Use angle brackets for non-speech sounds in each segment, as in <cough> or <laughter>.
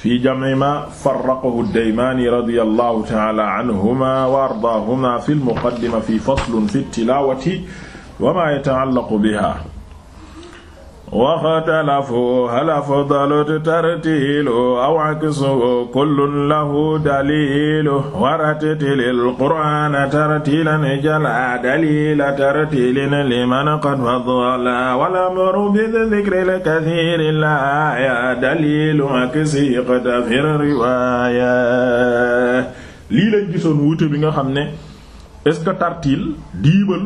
fi jam'i ma farraqahu ad-Daymaani radiyallahu ta'ala anhuma wa ardaahuma fi al-muqaddima fi faslun fi at-tilaawati wa ma yata'allaqu biha waxtalafu hal afdalu tartiilu aw aksuhu kullun lahu dalilu warattilil qur'aana tartiilan jalaa dalila tartiilin liman qad faddala wal amru bi dhikril kathiiri laa ya dalilu aksi qad fir riwaaya lii lañ gisoon wuute bi nga xam ne est-ce que tartiil diibal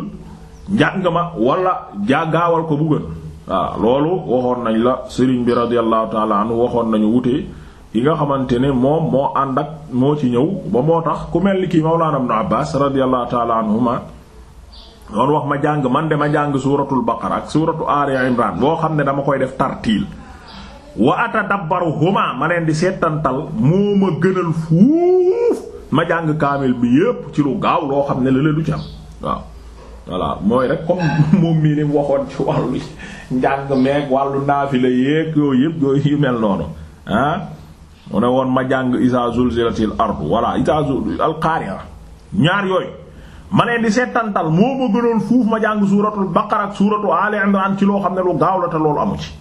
njàng ma wala jàggaawal ko bu gën waaw loolu waxoon nañ la sëriñ bi radiyallahu taala waxoon nañu wutee ki nga xamante ne moom moo ànd ak moo ci ñëw ba moo tax ku mel ni kii mawlaana ibnu abbas radiyallahu taala anhuma doon wax ma jàng man de ma jàng suuratul baqara ak suuratu aali imran boo xam ne dama koy def tartiil wa atadabbaru huma ma leen di seetantal moo ma gënal fuuf ma jàng kaamil bi yépp ci lu gaaw loo xam ne la le du ci am waaw voilà mooy rek comme <laughs> moom mii ni mu waxoon ci wàllu njàng meeg wàllu naafila yeeg yooyu yëpp yooyu mel noonu ah. mu ne woon ma jàng isa zulzilatil ardu voilà isa zul al qari'a ñaar yooyu ma leen di seetantal moo ma gënoon fuuf ma jàng suuratul baqara ak suuratu ali imran ci loo xam ne lu gaaw la te loolu amu ci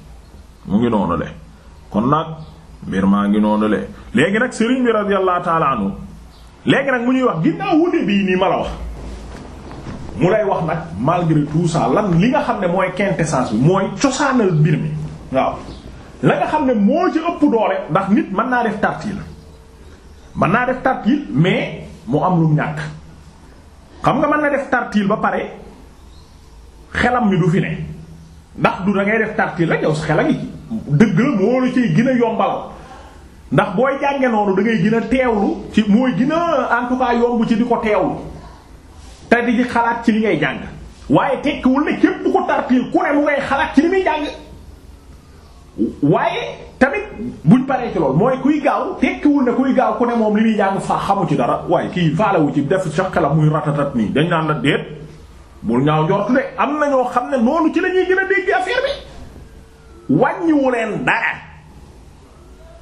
mu ngi noonu le kon nag mbir maa ngi noonu le léegi nag sëriñ bi radiyallahu ta'ala anhu nag mu ñuy wax ginnaaw wute bii nii ma la wax mu lay wax nag malgré tout ça lan li nga xam ne mooy quintessence bi mooy cosaanal mbir mi waaw la nga xam ne moo ci ëpp doole ndax nit mën naa def tartil man naa def tartil mais mu am lu ñàkk xam nga mën na def tartil ba pare xelam mi du fi ne ndax du da ngay def tartil rek yow sa xel a ngi dëgg la moo la ciy gën a yombal ndax booy jànge noonu da ngay gën a teewlu ci mooy gën a en yomb ci di ko teewlu te di xalaat ci li ngay jàng waaye tekkiwul ne képp ko tartiil ku ne mu ngay xalaat ci li muy jàng waaye tamit buñ paree ci lool mooy kuy gaaw tekkiwul ne kuy gaaw ku ne moom li muy jàng fa xamu ci dara waaye kii faalewu ci def soqe la muy ratatat nii dañ naan la déet bul ñaaw njortu am na ñoo xam ne noonu ci lañuy ñuy gën a dégg affaire bi wàññiwu leen dara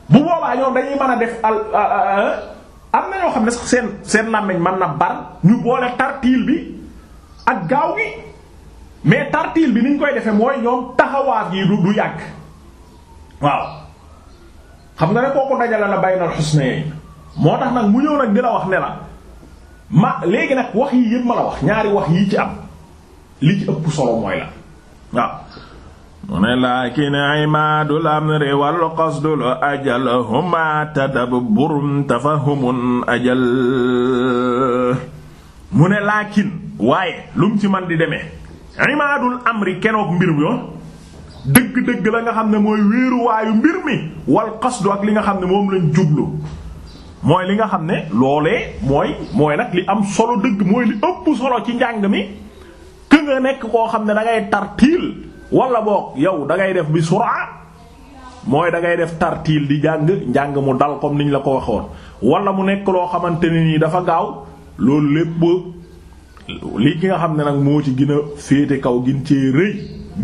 bu boobaa ñoom dañuy mën a def al. Euh, euh, euh, am na ñoo xam ne sax seen seen làmmiñ man na bar ñu boole tartiil bi ak gaaw gi mais tartiil bi niñ koy defee mooy ñoom taxawaat yi du du yàgg waaw xam nga ne kooku dajale la baynal husnayn moo tax nag mu ñëw nag di la wax ne ma léegi nag wax yi yëpp ma la wax ñaari wax yi ci am li ci ëpp solo mooy la waaw mu ne laakin imaadul amri wal qasdul ajal huma tadabburun tafahumun ajal waaye lu ci man di deme imaadul amri kenoog mbir mi oh, dëgg-dëgg la nga xam ne mooy wéeruwaayu mbir mi wal qasdu ak li nga xam ne moom lañ jublu mooy li nga xam ne loolee mooy mooy nag li am solo dëgg mooy li ëpp solo ci njàng mi que nga nekk koo xam ne da tartiil wala boog yow dangay def bi suraa mooy dangay def tartiil di jàng njàng mu dal comme niñ la ko waxoon wala mu nekk loo xamante ne nii dafa gaaw loolu lépp li ki nga xam ne nag moo ci gina a féete kaw gin cee rëy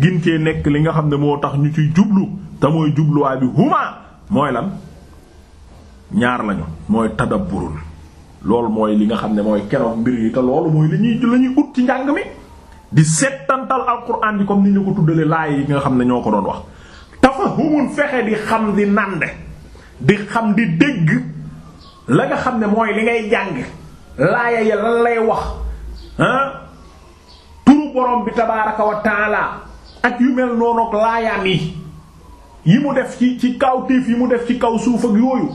gin cee nekk li nga xam ne moo tax ñu ciy jublu te mooy jubluwaay bi huma mooy lan ñaar lañu mooy tadabburul loolu mooy li nga xam ne mooy keroog mbir yi te loolu mooy li ñuy ut ci njàng mi di settantal alquran bi comme ni ñu ko tuddalee laay yi nga xam ne ñoo ko doon wax tafahumun fexe di xam di nande di xam di dégg la nga xam ne mooy li ngay jàng laaya ya lan lay wax ah, turu borom bi tabaraka wa taala ak yu mel noonoog laayaam yi yi mu def ci ci kaw téef yi mu def ci kaw suuf ak yooyu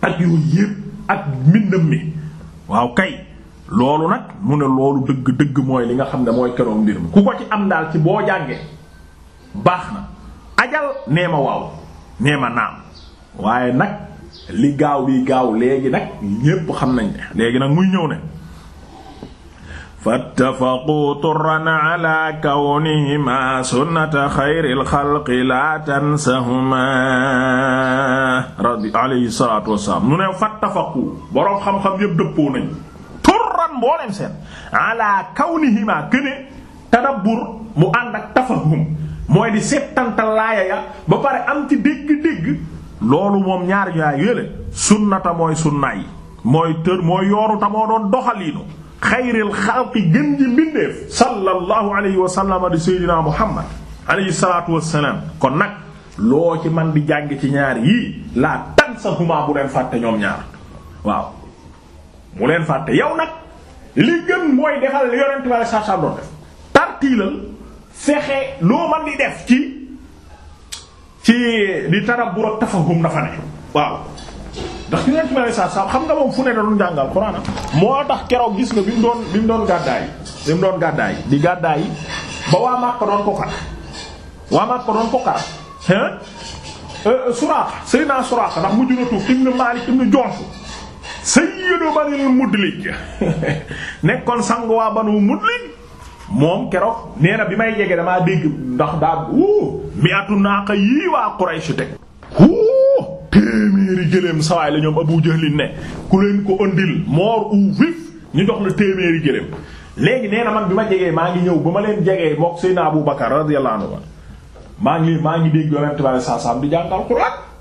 ak yooyu yépp ak mbindam mi waaw kay loolu nag mu ne loolu dëgg dëgg mooy li nga xam ne mooy keroog mbir mi ku ko ci am daal ci boo jàngee baax na ajal nee ma waaw nee ma naam waaye nag li gaaw li gaaw léegi nag ñépp xam nañ ne léegi nag muy ñëw ne fattafaqu turan ala kawnihima sunnata xayril xalqi la tansahuma radi alayhi salatu wasalaam nu ne fattafaqu boroom xam-xam yépp dëppoo nañ mbooleem seen ala kawnihima këne tadabbur mu ànd ak tafahum mooy di settantal ya ba pare am ci dégg-dégg loolu moom ñaar ñaa yële sunnata mooy sunna yi mooy tër mooy yooru moo doon doxaliinu xayril xalqi gën ji mbindeef sallallahu alayhi wa sallam di seydinaa muhammad alayhi salaatu wassalaam kon nag loo ci man di jàng ci ñaar yii laa tan sa huma bu leen fàtte ñoom ñaar waaw mu leen fàtte yow nag li gën mooy defal yonent bi saa saa doon def tartiilal fexe loo man di def ci ci di tadabbur ak tafahum dafa ne waaw ndax yonent bi saa saa xam nga moom fu ne da doon jàngal Qur'an moo tax keroog gis nga bi mu doon bi mu doon gàddaay bi mu doon gàddaay di gàddaay ba waa Makka doon ko xar waa doon ko xar hein euh, Suraaqa Seydina Suraaqa ndax mujj na tuub ibn Maalik ibn Ju'sh sayyidu banil mudlij <laughs> nekkoon sangu waa banu mudlij moom keroog nee na bi may jege damaa dégg ndax daa wuu mi atu naaqa yii waa Quraysh teg wuu téeméeri gëléem sawaay la ñoom Abu Jahlin ne ku leen ko ëndil mort ou vif ñu jox la téeméeri gëléem léegi nee na man bi ma jegee maa ngi ñëw ba ma leen jegee mook Seydina Abu Bakar radiyallahu anhu maa ngi maa ngi dégg yonent bi sallallahu alayhi di jàngal Alxuraan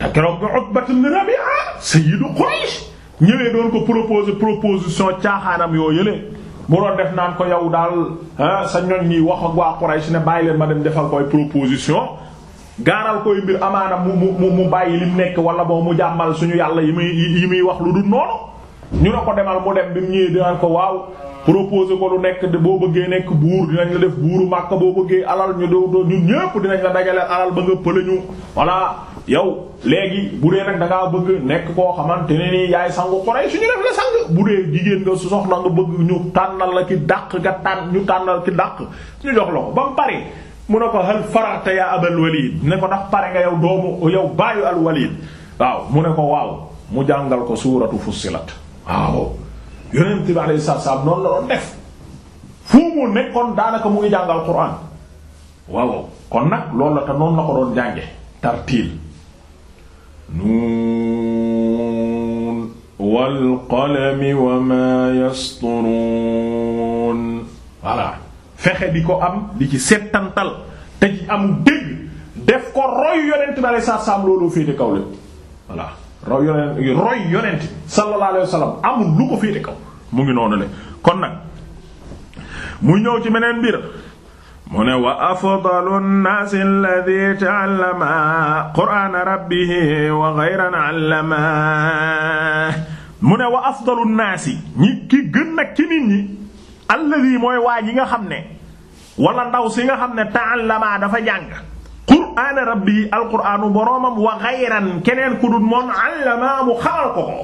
te keroog bi Utbat ibn Rabi'a sayyidu Quraysh ñëwee doon ko proposer proposition caaxaanam yoo yële mu doon def naan ko yow daal sa ñoñ ñi wax ak waa Quraysh ne bàyyi leen ma dem defal koy proposition gaaral koy mbir amaana mu mu mu bàyyi lim nekk wala boo mu jàmmal suñu yàlla yi muy yi muy wax lu du noonu ñu na ko demal mu dem bi mu ñëwee dinaan ko waaw proposer ko lu nekk boo bëggee nekk buur dinañ la def buuru Makka boo bëggee alal ñu do ñun ñëpp dinañ ñu yow léegi bu dee nag da bëgg nekk koo xamante ne nii yaay sangu Quraysh suñu def la sang bu dee jigéen nga su soxla nga bëgg ñu tànnal la ki dàq nga tànn ñu tànnal ki dàq jox la ko ba mu pare mu ne ko hal farata ya abal walid ne ko ndax pare nga yow doomu yow baayu al waaw mu ne ko waaw mu jàngal ko suuratu fussilat waaw yonent bi alayhi salaam noonu la doon def fu mu nekkoon daanaka mu ngi jàngal Qur'an waaw kon nag loolu la te noonu la ko doon jànge tartiil nuun wal qalami wa ma yasturuun voilà fexe di ko am di ci settantal te ci am dégg def ko roy yonent bi alei satu salaam looloo féete kaw lépp voilà roy yonent roy yonent sallallahu alayhi wa sallam lu ko féete kaw mu ngi noonu le kon nag muy ñëw ci meneen mbir mu ne wa afdalu nnaasi alladi taallama qur'aana rabbihi wa ghayran allama mu ne wa afdalu nnaasi ñi ki gën nag ci nit ñi alladi mooy waa yi nga xam ne walla ndaw si nga xam ne taallama dafa jàng qur'aana rabbihi alqur'aanu boroomam wa ghayran keneen ku dul moom allama mu xamal ko ko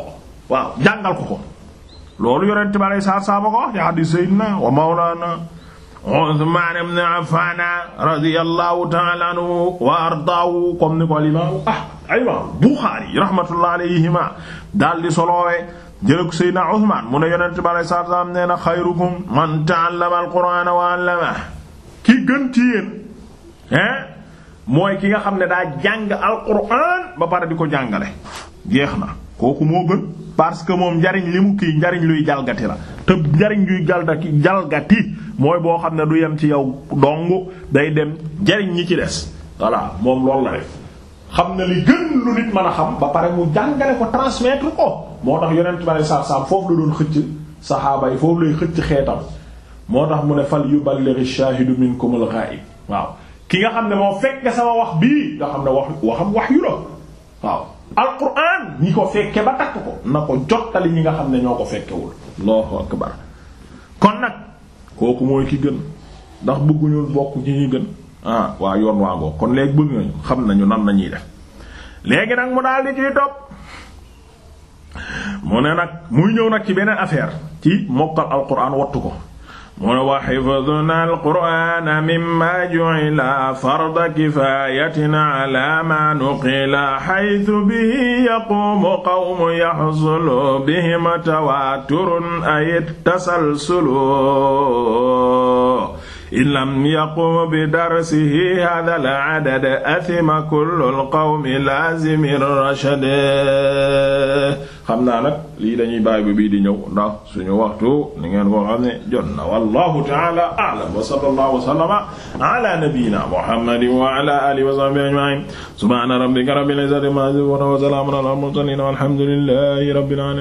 waaw jàngal ko loolu yonent bi alayhi salaatu wa salaam ko wax ci wa mawlaana Usmaan ibn Affaan radiyallahu ta'ala wa ardaahu comme ni ko al ah imaam Buxaari rahmatullahi alayhima daal di jëlëk Seydina Usmaan mu ne yonent bi alayhi salaatu salaam xayrukum man ta'allama al wa 'allamahu ki gën ci yéen mooy ki nga xam ne daa jàng al ba pare di ko jàngale jeex na kooku moo gën parce que moom njariñ li mu njariñ luy jalgati la te njariñ luy jalgati jalgati mooy boo xam ne du yem ci yow dong day dem jariñ ñi ci des voilà moom loolu na rek xam na li gën lu nit mën a xam ba pare mu jàngale ko transmettre ko moo tax yonent bi alayhi salaam foofu la doon xëcc saxaaba yi foofu lay xëcc xeetam moo tax mu ne fal yuballigh ash-shahidu minkum al-ghaib waaw ki nga xam ne moo fekke sama wax bii nga xam ne wax waxam wax yu la waaw alquran ñi ko fekke ba takk ko na ko jottali ñi nga xam ne ñoo ko fekkewul allahu akbar kon nag kooku mooy ki gën ndax bëgguñu bokk ci ñi gën ah waa yoon waa ngoo kon léegi bëgg nañu xam nañu nan lañuy def léegi nag mu daal di ciy topp mu ne nag muy ñëw nag ci beneen affaire ci mokkal alquran wattu ko mu ne wa xifduna alqur'ana mimma ju'ila farda kifayatin ala ma nuqila xaytu bihi yaqumu qawmu yaxsulu bihim tawaturun ay tasalsulu in lam yaqum bi darsihi hadha al adad athima kullu al qawmi lazimi rashad xam naa nag lii dañuy bàyyi ba bii di ñëw ndax suñu waxtu ni ngeen ko xam ne jot na wallahu ta'ala a'lam wa sallallahu wa sallama ala nabiyyina muhammadin wa ala alihi wa sahbihi ajma'in subhana rabbika rabbil izzati amma yasifun wa salamun ala al mursalin walhamdulillahi rabbil alamin